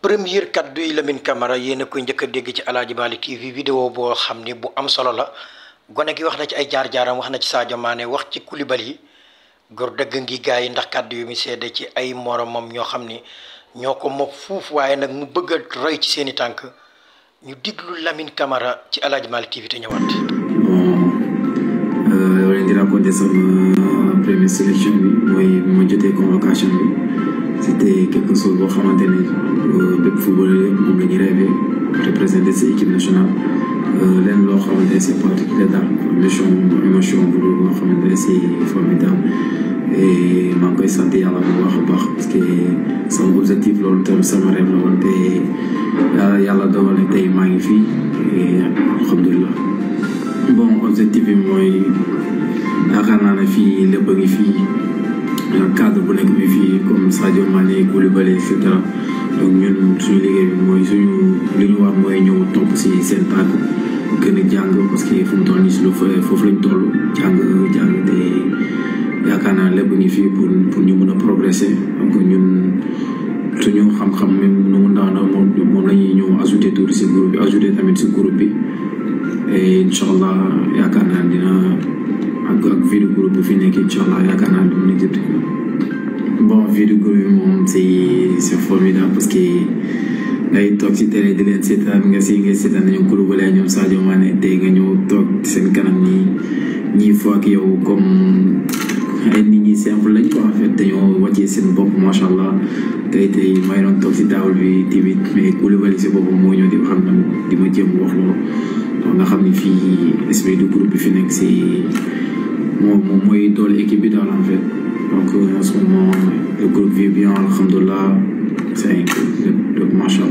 première kaddu yi Lamine Camara yéen a koy njëkk a dégg ci Aladji Malick TV vidéo boo xam ni bu am solo la gone gi wax na ci ay jaar-jaaram wax na ci Sadio Mané wax ci yi gor dëgg ngi gars yi ndax kaddu yu mu seede ci ay moromam ñoo xam ni ñoo ko moom fuuf waaye nag mu bëgg a roy ci seeni tànk ñu diglu lamin Camara ci Aladji Malick TV te ñëwaat. raconter sama première sélection bi mooy ma jotee convocation bi c'était quelque chose boo xamante ne euh, bépp footballeur moom la ñu rêvé représenter sa équipe leen loo xamante ne c'est particulier daal émotion émotion bu loo xamante ne si formidable et maa ngi koy sant yàlla bu baax a baax parce que sama objectif loolu tam sama rêve la woon te euh, yàlla dogal na tey maa ngi fii et alhamdulilah mooy yaakaar naa fii lépp a ngi fii cadre bu nekk bi fii comme Sadio Mané Koulibaly et cetera donc ñun suñu liggéey bi mooy suñu li ñu war mooy ñëw topp si seen tànk gën a jàng parce que fu mu toll nii si foofu lañ toll jàng jàng te yaakaar naa lépp a ngi fii pour pour ñu mën a progresser donc ñun suñu xam-xam même moom la ñuy ñëw ajouté tuuti si groupe bi ajouté tamit si groupe bi et incha allah yaakaar dina ak ak vidéo groupe bi fi nekk incha allah yaakaar naa dina jot bon vidéo groupe bi moom c'est c'est parce que ngay toog si télé di leen seetaan nga si nga seetaan ñoom Koulibaly ñoom Sadio Mané tey nga ñëw toog seen kanam ñi ñii foo ak yow comme. ay nit ñi simple lañ ko en fait dañoo wàccee seen bopp macha allah tey tey may doon toog si table bi tamit mais Koulibaly si boppam moo ñëw di xam di ma jéem wax loolu nga xam ni fii esprit du groupe bi fi nekk si moom moom mooy doole équipe bi daal en fait donc euh, en ce moment le groupe vit bien alhamdulilah c'est allah